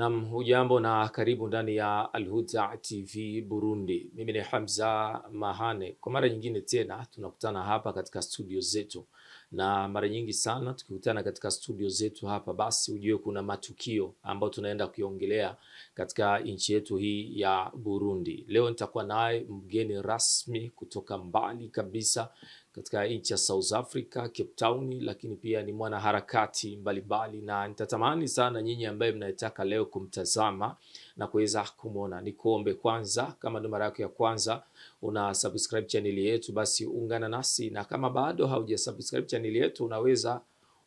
Nam, hujambo na karibu ndani ya Alhuda TV Burundi. Mimi ni Hamza Mahane. Kwa mara nyingine tena tunakutana hapa katika studio zetu, na mara nyingi sana tukikutana katika studio zetu hapa, basi ujue kuna matukio ambayo tunaenda kuiongelea katika nchi yetu hii ya Burundi. Leo nitakuwa naye mgeni rasmi kutoka mbali kabisa katika nchi ya South Africa, Cape Town, lakini pia ni mwanaharakati mbalimbali, na nitatamani sana nyinyi ambaye mnayetaka leo kumtazama na kuweza kumwona, ni kuombe kwanza, kama ndo mara yako ya kwanza una subscribe channel yetu, basi ungana nasi, na kama bado hauja subscribe channel yetu, unaweza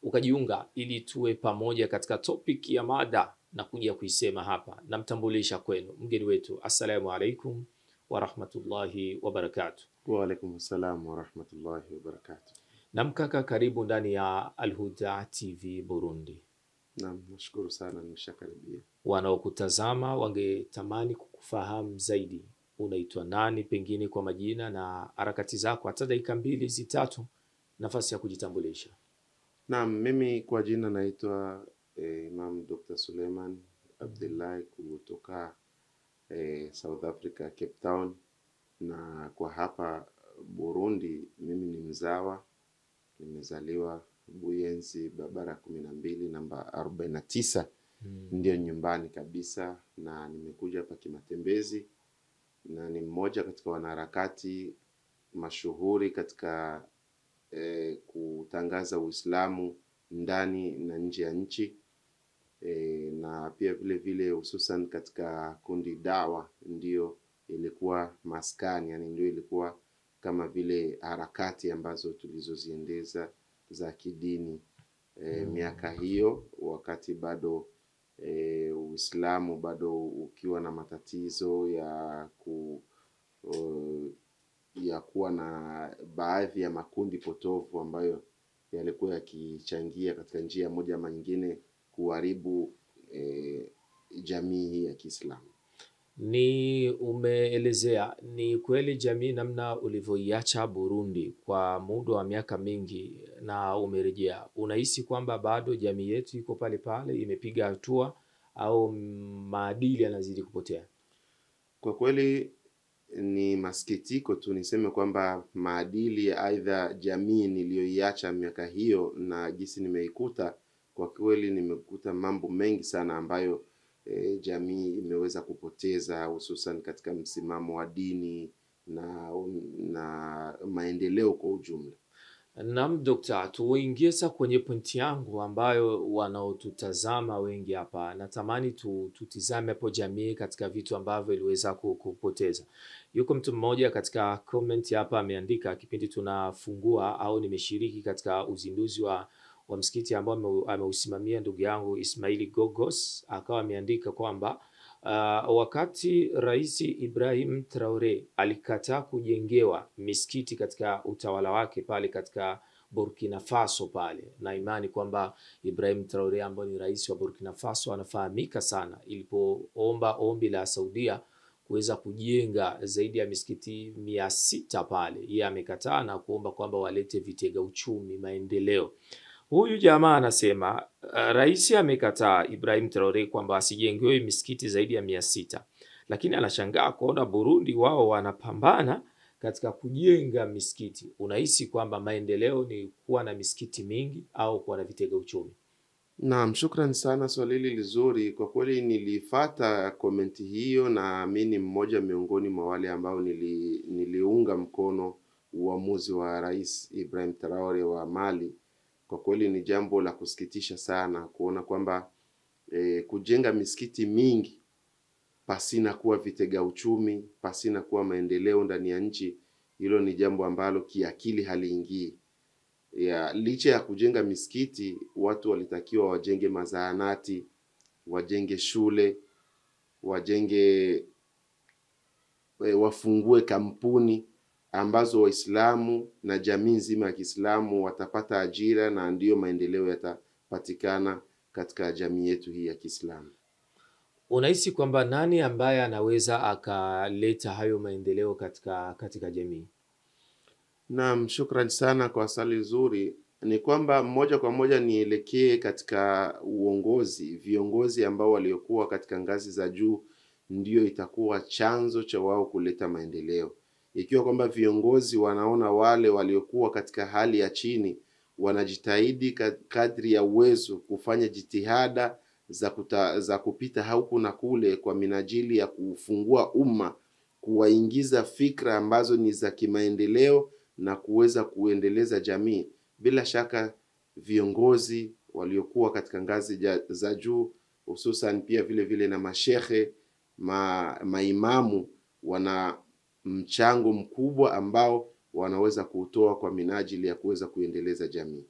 ukajiunga ili tuwe pamoja katika topic ya mada na kuja kuisema hapa. Namtambulisha kwenu mgeni wetu, assalamu alaikum wa rahmatullahi wa barakatuh. Wa alaikum salam wa rahmatullahi wa barakatuh. Namkaka, karibu ndani ya Alhuda TV Burundi. Naam, nashukuru sana, nimeshakaribia. Wanaokutazama wangetamani kukufahamu zaidi, unaitwa nani, pengine kwa majina na harakati zako, hata dakika mbili zitatu, nafasi ya kujitambulisha. Naam, mimi kwa jina naitwa eh, Imam Dr. Suleiman Abdullahi kutoka eh, South Africa Cape Town, na kwa hapa Burundi mimi ni mzawa, nimezaliwa Buyenzi barabara kumi na mbili namba arobaini na tisa hmm. Ndiyo nyumbani kabisa, na nimekuja hapa kimatembezi, na ni mmoja katika wanaharakati mashuhuri katika eh, kutangaza Uislamu ndani na nje ya nchi e, na pia vile vile hususan katika kundi dawa ndio ilikuwa maskani, yani ndio ilikuwa kama vile harakati ambazo tulizoziendeza za kidini e, miaka hiyo wakati bado e, Uislamu bado ukiwa na matatizo ya ku o, ya kuwa na baadhi ya makundi potofu ambayo yalikuwa yakichangia katika njia moja ama nyingine kuharibu eh, jamii hii ya Kiislamu? Ni umeelezea, ni kweli jamii namna ulivyoiacha Burundi kwa muda wa miaka mingi na umerejea, unahisi kwamba bado jamii yetu iko pale pale, imepiga hatua au maadili yanazidi kupotea? Kwa kweli ni masikitiko tu niseme kwamba maadili aidha jamii niliyoiacha miaka hiyo na jinsi nimeikuta kwa kweli nimekuta mambo mengi sana ambayo e, jamii imeweza kupoteza hususan katika msimamo wa dini na, na maendeleo kwa ujumla. nam Dokta, tuingie sa kwenye pointi yangu ambayo wanaotutazama wengi hapa, natamani tu, tutizame hapo jamii katika vitu ambavyo iliweza kupoteza. Yuko mtu mmoja katika comment hapa ameandika, kipindi tunafungua au nimeshiriki katika uzinduzi wa wa msikiti ambao ameusimamia ndugu yangu Ismaili Gogos, akawa ameandika kwamba uh, wakati Rais Ibrahim Traore alikataa kujengewa misikiti katika utawala wake pale katika Burkina Faso pale, na imani kwamba Ibrahim Traore ambaye ni rais wa Burkina Faso anafahamika sana, ilipoomba ombi la Saudia kuweza kujenga zaidi ya misikiti mia sita pale, yeye amekataa na kuomba kwamba walete vitega uchumi maendeleo. Huyu jamaa anasema eh, rais amekataa Ibrahim Traore kwamba asijengewe misikiti zaidi ya mia sita, lakini anashangaa kuona Burundi wao wanapambana katika kujenga misikiti. Unahisi kwamba maendeleo ni kuwa na misikiti mingi au kuwa na vitega uchumi? Naam, shukran sana, swali hili lizuri kwa kweli. Nilifata komenti hiyo, na mi ni mmoja miongoni mwa wale ambao nili, niliunga mkono uamuzi wa rais Ibrahim Traore wa Mali kwa kweli ni jambo la kusikitisha sana kuona kwamba e, kujenga misikiti mingi pasina kuwa vitega uchumi, pasina kuwa maendeleo ndani ya nchi, hilo ni jambo ambalo kiakili haliingii. Ya, licha ya kujenga misikiti watu walitakiwa wajenge mazaanati wajenge shule, wajenge eh, wafungue kampuni ambazo Waislamu na jamii nzima ya Kiislamu watapata ajira na ndiyo maendeleo yatapatikana katika jamii yetu hii ya Kiislamu. Unahisi kwamba nani ambaye anaweza akaleta hayo maendeleo katika, katika jamii? Naam, shukrani sana kwa swali zuri. Ni kwamba moja kwa moja nielekee katika uongozi, viongozi ambao waliokuwa katika ngazi za juu ndiyo itakuwa chanzo cha wao kuleta maendeleo ikiwa kwamba viongozi wanaona wale waliokuwa katika hali ya chini wanajitahidi kadri ya uwezo kufanya jitihada za, kuta, za kupita huku na kule kwa minajili ya kufungua umma, kuwaingiza fikra ambazo ni za kimaendeleo na kuweza kuendeleza jamii, bila shaka viongozi waliokuwa katika ngazi ja, za juu hususan pia vile vile na mashehe ma, maimamu wana mchango mkubwa ambao wanaweza kuutoa kwa minajili ya kuweza kuendeleza jamii.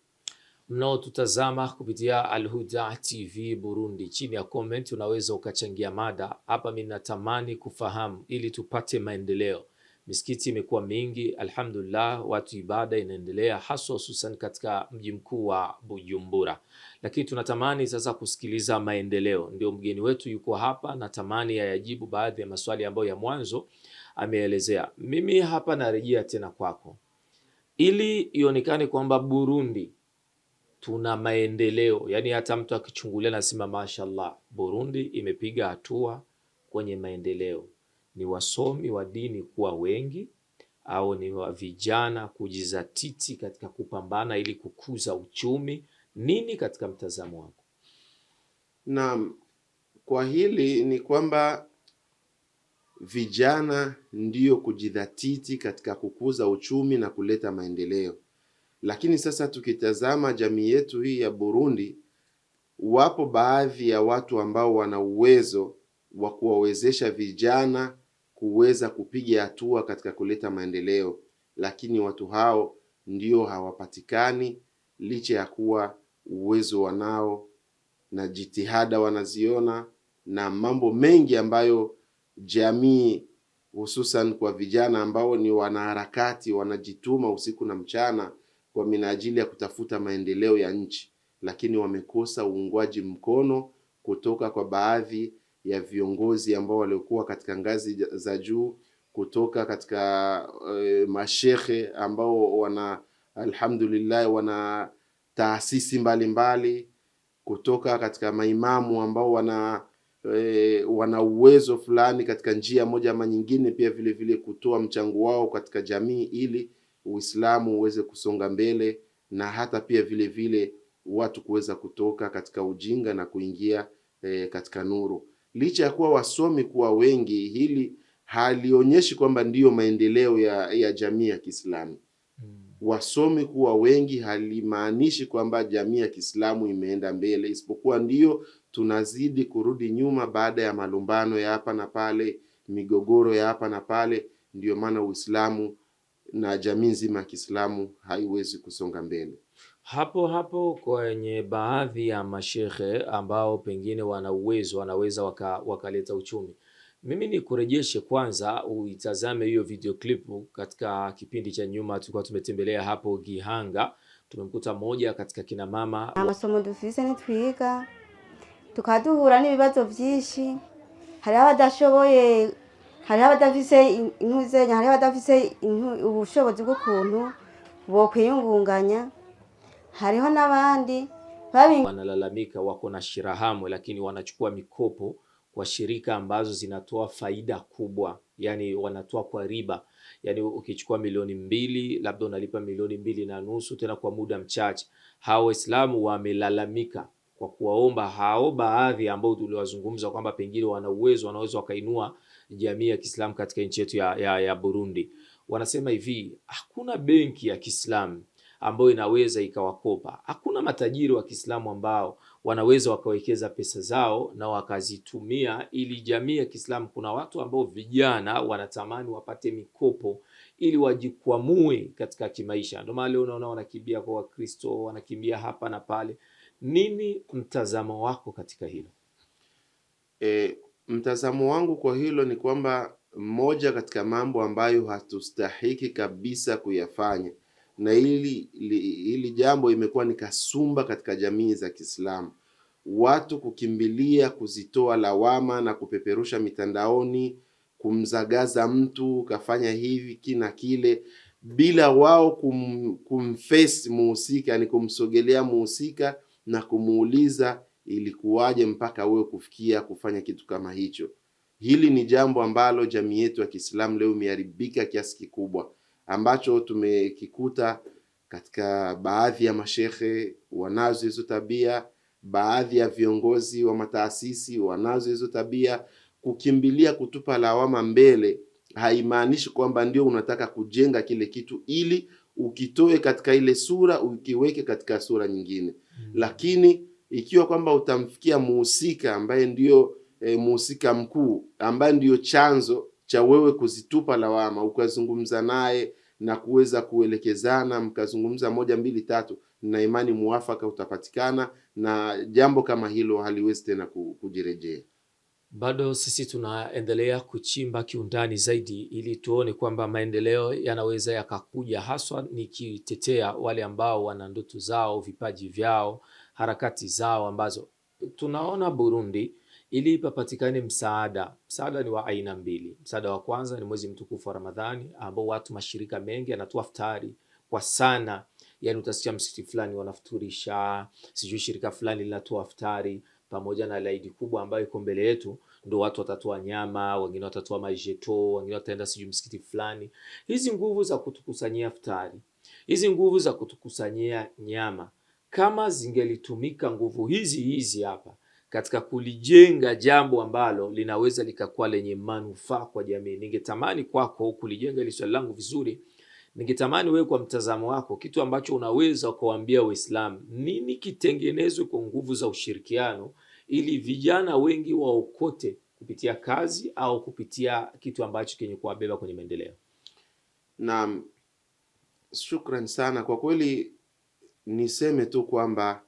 Mnaotutazama kupitia Alhuda TV Burundi, chini ya comment unaweza ukachangia mada hapa. Mimi natamani kufahamu ili tupate maendeleo. Misikiti imekuwa mingi, alhamdulillah, watu ibada inaendelea haswa, hususan katika mji mkuu wa Bujumbura, lakini tunatamani sasa kusikiliza maendeleo. Ndio mgeni wetu yuko hapa, natamani ayajibu baadhi ya maswali ambayo ya mwanzo ameelezea. Mimi hapa narejea tena kwako, ili ionekane kwamba Burundi tuna maendeleo, yaani hata mtu akichungulia anasema mashallah, Burundi imepiga hatua kwenye maendeleo, ni wasomi wa dini kuwa wengi au ni wa vijana kujizatiti katika kupambana ili kukuza uchumi. Nini katika mtazamo wako? Naam, kwa hili ni kwamba vijana ndiyo kujidhatiti katika kukuza uchumi na kuleta maendeleo. Lakini sasa tukitazama jamii yetu hii ya Burundi, wapo baadhi ya watu ambao wana uwezo wa kuwawezesha vijana kuweza kupiga hatua katika kuleta maendeleo, lakini watu hao ndio hawapatikani licha ya kuwa uwezo wanao na jitihada wanaziona na mambo mengi ambayo jamii hususan kwa vijana ambao ni wanaharakati wanajituma usiku na mchana kwa minajili ya kutafuta maendeleo ya nchi, lakini wamekosa uungwaji mkono kutoka kwa baadhi ya viongozi ambao waliokuwa katika ngazi za juu, kutoka katika e, mashehe ambao wana alhamdulillah wana taasisi mbalimbali mbali, kutoka katika maimamu ambao wana e, wana uwezo fulani katika njia moja ama nyingine, pia vile vile kutoa mchango wao katika jamii ili Uislamu uweze kusonga mbele na hata pia vile vile watu kuweza kutoka katika ujinga na kuingia e, katika nuru. Licha ya kuwa wasomi kuwa wengi, hili halionyeshi kwamba ndiyo maendeleo ya, ya jamii ya Kiislamu. Hmm. Wasomi kuwa wengi halimaanishi kwamba jamii ya Kiislamu imeenda mbele, isipokuwa ndiyo tunazidi kurudi nyuma baada ya malumbano ya hapa na pale, migogoro ya hapa na pale. Ndiyo maana Uislamu na jamii nzima ya Kiislamu haiwezi kusonga mbele. Hapo hapo kwenye baadhi ya mashehe ambao pengine wana uwezo wanaweza wakaleta waka uchumi. Mimi ni kurejeshe kwanza, uitazame hiyo video clip. Katika kipindi cha nyuma tulikuwa tumetembelea hapo Gihanga, tumemkuta moja katika kinamama tukaduhura n'ibibazo byinshi hari abadashoboye hari abadafise inkuzenya hari abadafise ubushobozi bw'ukuntu bokwiyungunganya hariho n'abandi wanalalamika wako na shirahamwe, lakini wanachukua mikopo kwa shirika ambazo zinatoa faida kubwa, yani wanatoa kwa riba. Yani ukichukua milioni mbili labda unalipa milioni mbili na nusu tena kwa muda mchache. Hawa Waislamu wamelalamika kwa kuwaomba hao baadhi ambao tuliwazungumza kwamba pengine wana uwezo, wanaweza wakainua jamii ya Kiislamu katika nchi yetu ya, ya, ya Burundi. Wanasema hivi, hakuna benki ya Kiislamu ambayo inaweza ikawakopa. Hakuna matajiri wa Kiislamu ambao wanaweza wakawekeza pesa zao na wakazitumia ili jamii ya Kiislamu. Kuna watu ambao vijana wanatamani wapate mikopo ili wajikwamue katika kimaisha. Ndio maana leo unaona wanakimbia kwa Wakristo, wanakimbia hapa na pale. Nini mtazamo wako katika hilo? E, mtazamo wangu kwa hilo ni kwamba moja katika mambo ambayo hatustahiki kabisa kuyafanya, na hili hili jambo imekuwa ni kasumba katika jamii za Kiislamu, watu kukimbilia kuzitoa lawama na kupeperusha mitandaoni, kumzagaza mtu kafanya hivi kina kile bila wao kum, kumface muhusika, yani kumsogelea muhusika na kumuuliza ilikuwaje mpaka wewe kufikia kufanya kitu kama hicho. Hili ni jambo ambalo jamii yetu ya Kiislamu leo imeharibika kiasi kikubwa, ambacho tumekikuta katika baadhi ya mashehe wanazo hizo tabia, baadhi ya viongozi wa mataasisi wanazo hizo tabia. Kukimbilia kutupa lawama mbele haimaanishi kwamba ndio unataka kujenga kile kitu, ili ukitoe katika ile sura ukiweke katika sura nyingine. Mm. Lakini ikiwa kwamba utamfikia muhusika ambaye ndiyo e, eh, muhusika mkuu ambaye ndiyo chanzo cha wewe kuzitupa lawama, ukazungumza naye na kuweza kuelekezana, mkazungumza moja mbili tatu, na imani muafaka utapatikana na jambo kama hilo haliwezi tena kujirejea. Bado sisi tunaendelea kuchimba kiundani zaidi ili tuone kwamba maendeleo yanaweza yakakuja, haswa nikitetea wale ambao wana ndoto zao, vipaji vyao, harakati zao ambazo tunaona Burundi ili papatikane msaada. Msaada ni wa aina mbili. Msaada wa kwanza ni mwezi mtukufu wa Ramadhani ambao watu mashirika mengi yanatoa futari kwa sana, yani utasikia msikiti fulani wanafuturisha, sijui shirika fulani linatoa futari pamoja na laidi kubwa ambayo iko mbele yetu, ndo watu watatoa nyama, wengine watatoa majeto, wengine wataenda sijui msikiti fulani. Hizi nguvu za kutukusanyia futari, hizi nguvu za kutukusanyia nyama, kama zingelitumika nguvu hizi hizi hapa katika kulijenga jambo ambalo linaweza likakuwa lenye manufaa kwa jamii, ningetamani kwako kulijenga hili swali langu vizuri. Ningetamani wewe kwa mtazamo wako, kitu ambacho unaweza ukawaambia Waislamu, nini kitengenezwe kwa nguvu za ushirikiano ili vijana wengi waokote kupitia kazi au kupitia kitu ambacho kenye kuwabeba kwenye maendeleo. Naam, shukran sana kwa kweli. Niseme tu kwamba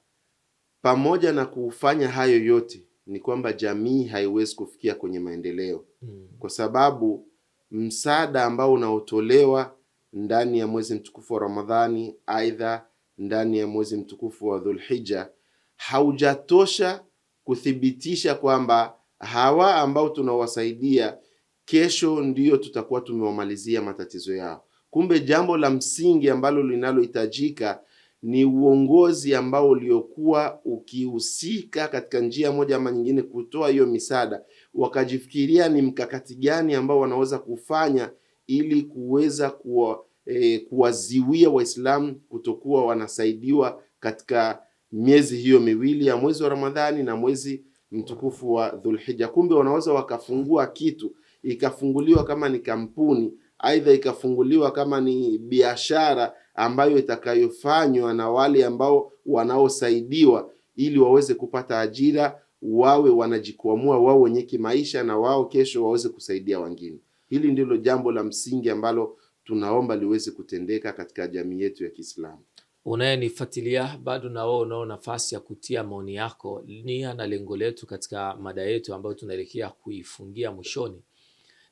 pamoja na kufanya hayo yote ni kwamba jamii haiwezi kufikia kwenye maendeleo hmm. kwa sababu msaada ambao unaotolewa ndani ya mwezi mtukufu wa Ramadhani, aidha ndani ya mwezi mtukufu wa Dhulhija haujatosha kuthibitisha kwamba hawa ambao tunawasaidia kesho ndiyo tutakuwa tumewamalizia matatizo yao. Kumbe jambo la msingi ambalo linalohitajika ni uongozi ambao uliokuwa ukihusika katika njia moja ama nyingine kutoa hiyo misaada, wakajifikiria ni mkakati gani ambao wanaweza kufanya ili kuweza kuwa, eh, kuwaziwia Waislamu kutokuwa wanasaidiwa katika miezi hiyo miwili ya mwezi wa Ramadhani na mwezi mtukufu wa Dhulhija. Kumbe wanaweza wakafungua kitu, ikafunguliwa kama ni kampuni, aidha ikafunguliwa kama ni biashara ambayo itakayofanywa na wale ambao wanaosaidiwa, ili waweze kupata ajira, wawe wanajikwamua wao wenye kimaisha, na wao kesho waweze kusaidia wengine. Hili ndilo jambo la msingi ambalo tunaomba liweze kutendeka katika jamii yetu ya Kiislamu unayenifuatilia bado na wewe unao nafasi ya kutia maoni yako, nia na lengo letu katika mada yetu ambayo tunaelekea kuifungia mwishoni.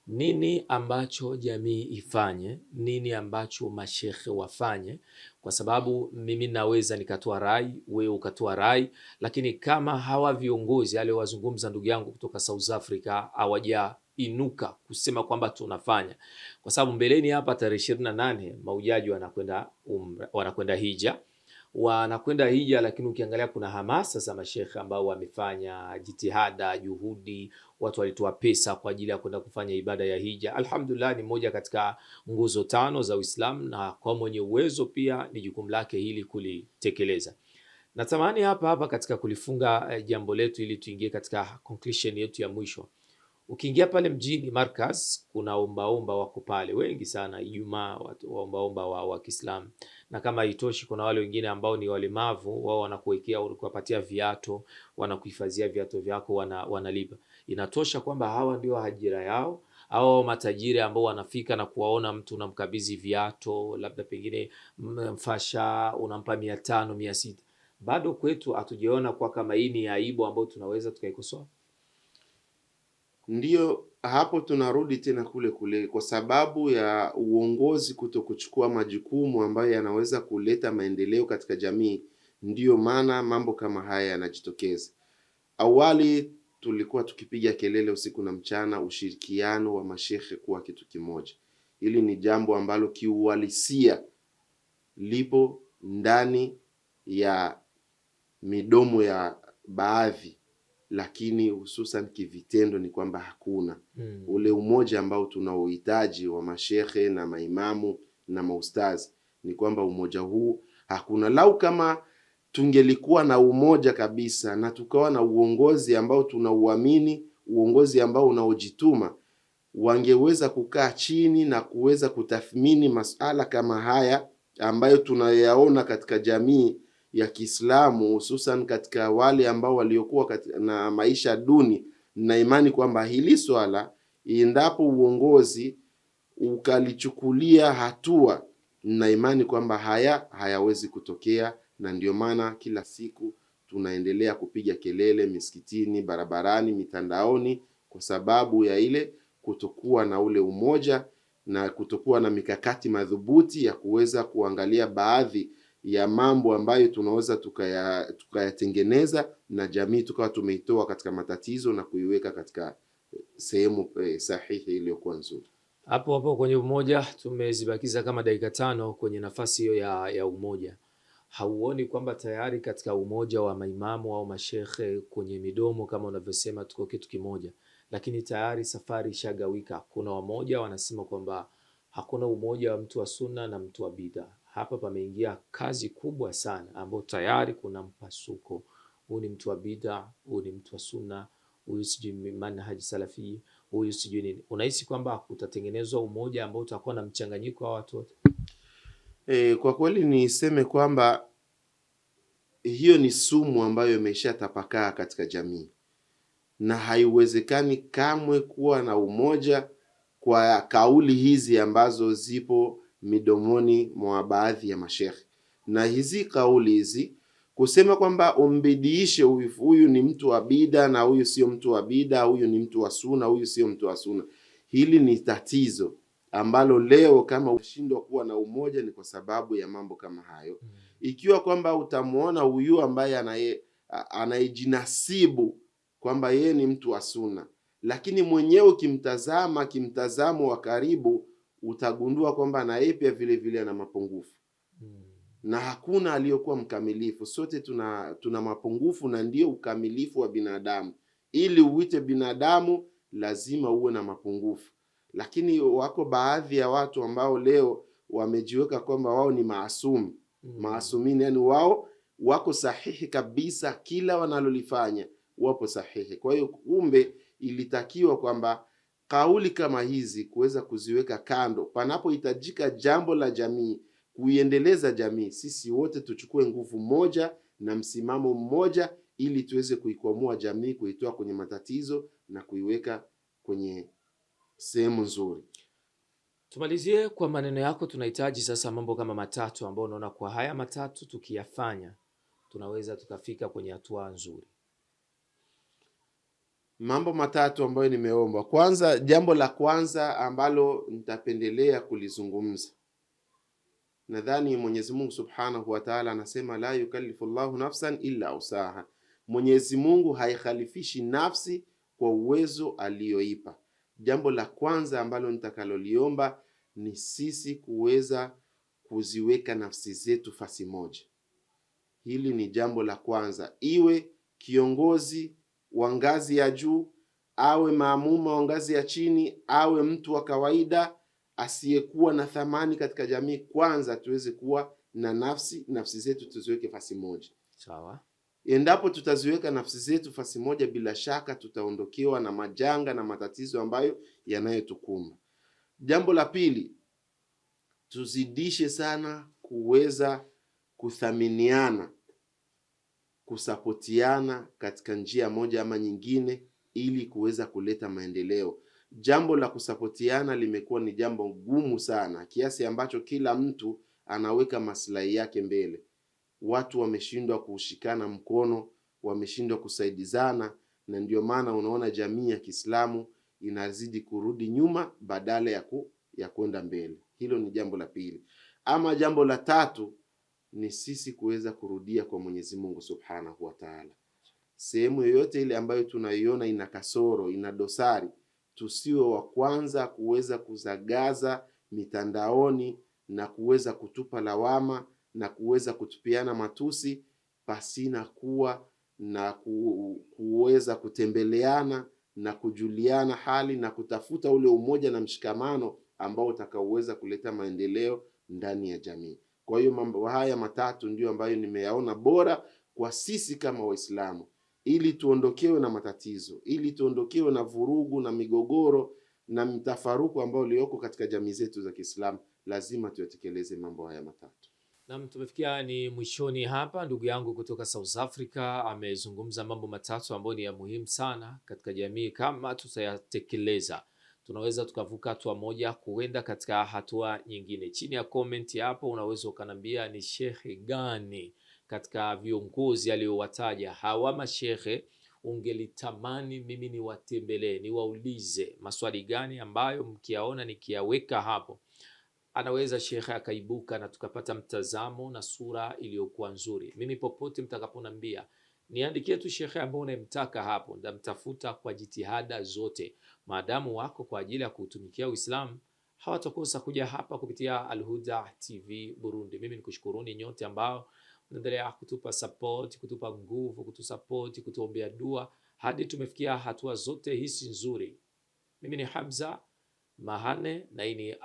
Nini ambacho jamii ifanye? Nini ambacho mashehe wafanye? Kwa sababu mimi naweza nikatoa rai, wewe ukatoa rai, lakini kama hawa viongozi aliowazungumza ndugu yangu kutoka South Africa awaja inuka kusema kwamba tunafanya, kwa sababu mbeleni hapa tarehe ishirini na nane maujaji wanakwenda umra, wanakwenda hija wanakwenda hija, lakini ukiangalia kuna hamasa za mashekhe ambao wamefanya jitihada, juhudi, watu walitoa pesa kwa ajili ya kwenda kufanya ibada ya hija. Alhamdulillah, ni moja katika nguzo tano za Uislamu, na kwa mwenye uwezo pia ni jukumu lake hili kulitekeleza. Natamani hapa hapa katika kulifunga eh, jambo letu, ili tuingie katika conclusion yetu ya mwisho. Ukiingia pale mjini Markas, kuna ombaomba wako pale wengi sana, Ijumaa watu waombaomba wa, wa Kiislamu. Na kama haitoshi, kuna wale wengine ambao ni walemavu, wao wanakuwekea wanakupatia viato, wanakuhifadhia viato vyako, wana, wanalipa. Inatosha kwamba hawa ndio ajira yao au matajiri ambao wanafika na kuwaona mtu unamkabidhi viato, labda pengine mfasha unampa mia tano mia sita. Bado kwetu hatujaona kwa kama hii ni aibu ambayo tunaweza tukaikosoa. Ndiyo hapo tunarudi tena kule kule, kwa sababu ya uongozi kuto kuchukua majukumu ambayo yanaweza kuleta maendeleo katika jamii. Ndiyo maana mambo kama haya yanajitokeza. Awali tulikuwa tukipiga kelele usiku na mchana, ushirikiano wa mashehe kuwa kitu kimoja. Hili ni jambo ambalo kiuhalisia lipo ndani ya midomo ya baadhi lakini hususan kivitendo ni kwamba hakuna mm. ule umoja ambao tunaohitaji wa mashehe na maimamu na maustazi, ni kwamba umoja huu hakuna. Lau kama tungelikuwa na umoja kabisa na tukawa na uongozi ambao tunauamini, uongozi ambao unaojituma, wangeweza kukaa chini na kuweza kutathmini masuala kama haya ambayo tunayaona katika jamii ya Kiislamu hususan katika wale ambao waliokuwa na maisha duni, na imani kwamba hili swala endapo uongozi ukalichukulia hatua, na imani kwamba haya hayawezi kutokea, na ndio maana kila siku tunaendelea kupiga kelele misikitini, barabarani, mitandaoni kwa sababu ya ile kutokuwa na ule umoja na kutokuwa na mikakati madhubuti ya kuweza kuangalia baadhi ya mambo ambayo tunaweza tukayatengeneza tuka na jamii tukawa tumeitoa katika matatizo na kuiweka katika eh, sehemu eh, sahihi iliyokuwa nzuri. Hapo hapo kwenye umoja tumezibakiza kama dakika tano kwenye nafasi hiyo ya, ya umoja. Hauoni kwamba tayari katika umoja wa maimamu au mashehe kwenye midomo kama unavyosema tuko kitu kimoja, lakini tayari safari ishagawika. Kuna wamoja wanasema kwamba hakuna umoja wa mtu wa sunna na mtu wa bid'a hapa pameingia kazi kubwa sana, ambayo tayari kuna mpasuko. Huyu ni mtu wa bida, huyu ni mtu wa suna, huyu sijui manhaji salafi, huyu sijui nini. Unahisi kwamba kutatengenezwa umoja ambao utakuwa na mchanganyiko wa watu wote? E, kwa kweli niseme kwamba hiyo ni sumu ambayo imeshatapakaa katika jamii na haiwezekani kamwe kuwa na umoja kwa kauli hizi ambazo zipo midomoni mwa baadhi ya mashehe Na hizi kauli hizi kusema kwamba umbidiishe huyu ni mtu wa bida na huyu sio mtu wa bida, huyu ni mtu wa suna, huyu sio mtu wa suna, hili ni tatizo ambalo leo kama ushindwa kuwa na umoja ni kwa sababu ya mambo kama hayo. Mm. Ikiwa kwamba utamwona huyu ambaye anaye anayejinasibu kwamba yeye ni mtu wa suna, lakini mwenyewe ukimtazama kimtazamo wa karibu utagundua kwamba yeye pia vile vile ana mapungufu hmm. na hakuna aliyokuwa mkamilifu. Sote tuna tuna mapungufu, na ndio ukamilifu wa binadamu. Ili uite binadamu lazima uwe na mapungufu, lakini wako baadhi ya watu ambao leo wamejiweka kwamba wao ni maasumu hmm. maasumini, yani wao wako sahihi kabisa, kila wanalolifanya wapo sahihi. Kwa hiyo kumbe ilitakiwa kwamba Kauli kama hizi kuweza kuziweka kando panapohitajika jambo la jamii, kuiendeleza jamii. Sisi wote tuchukue nguvu moja na msimamo mmoja, ili tuweze kuikwamua jamii, kuitoa kwenye matatizo na kuiweka kwenye sehemu nzuri. Tumalizie kwa maneno yako, tunahitaji sasa mambo kama matatu ambayo unaona kwa haya matatu tukiyafanya tunaweza tukafika kwenye hatua nzuri mambo matatu ambayo nimeomba. Kwanza, jambo la kwanza ambalo nitapendelea kulizungumza, nadhani Mwenyezi Mungu Subhanahu wa Ta'ala anasema la yukallifu Allahu nafsan illa usaha, Mwenyezi Mungu haikhalifishi nafsi kwa uwezo aliyoipa. Jambo la kwanza ambalo nitakaloliomba ni sisi kuweza kuziweka nafsi zetu fasi moja. Hili ni jambo la kwanza, iwe kiongozi wa ngazi ya juu, awe maamuma wa ngazi ya chini, awe mtu wa kawaida asiyekuwa na thamani katika jamii, kwanza tuweze kuwa na nafsi nafsi zetu tuziweke fasi moja. Sawa. Endapo tutaziweka nafsi zetu fasi moja, bila shaka tutaondokewa na majanga na matatizo ambayo yanayotukumba. Jambo la pili, tuzidishe sana kuweza kuthaminiana kusapotiana katika njia moja ama nyingine ili kuweza kuleta maendeleo. Jambo la kusapotiana limekuwa ni jambo gumu sana kiasi ambacho kila mtu anaweka maslahi yake mbele. Watu wameshindwa kushikana mkono, wameshindwa kusaidizana, na ndio maana unaona jamii ya Kiislamu inazidi kurudi nyuma badala ya ku, ya kwenda mbele. Hilo ni jambo la pili. Ama jambo la tatu ni sisi kuweza kurudia kwa Mwenyezi Mungu Subhanahu wa Ta'ala. Sehemu yoyote ile ambayo tunaiona ina kasoro, ina dosari, tusiwe wa kwanza kuweza kuzagaza mitandaoni na kuweza kutupa lawama na kuweza kutupiana matusi pasina kuwa na kuweza kutembeleana na kujuliana hali na kutafuta ule umoja na mshikamano ambao utakaoweza kuleta maendeleo ndani ya jamii. Kwa hiyo mambo haya matatu ndio ambayo nimeyaona bora kwa sisi kama Waislamu, ili tuondokewe na matatizo, ili tuondokewe na vurugu na migogoro na mtafaruku ambao ulioko katika jamii zetu za Kiislamu. Lazima tuyatekeleze mambo haya matatu. Naam, tumefikia ni mwishoni hapa. Ndugu yangu kutoka South Africa amezungumza mambo matatu ambayo ni ya muhimu sana katika jamii kama tutayatekeleza tunaweza tukavuka hatua moja kuenda katika hatua nyingine. Chini ya comment hapo unaweza ukanambia ni shehe gani katika viongozi aliyowataja hawa mashehe ungelitamani mimi niwatembelee, niwaulize maswali gani ambayo mkiyaona nikiyaweka hapo, anaweza shekhe akaibuka na tukapata mtazamo na sura iliyokuwa nzuri. Mimi popote mtakaponambia niandikie tu shekhe ambao unayemtaka hapo, ndamtafuta kwa jitihada zote. Maadamu wako kwa ajili ya kuutumikia Uislamu, hawatakosa kuja hapa kupitia Alhuda TV Burundi. Mimi nikushukuruni nyote ambao mnaendelea kutupa support, kutupa nguvu, kutusapoti, kutuombea dua hadi tumefikia hatua zote hizi nzuri. Mimi ni Hamza Mahane na hii ni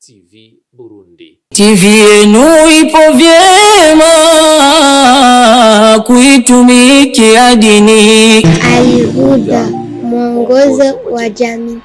TV Burundi. TV yenu ipo vyema kuitumikia dini. Alhuda, mwongozo wa jamii.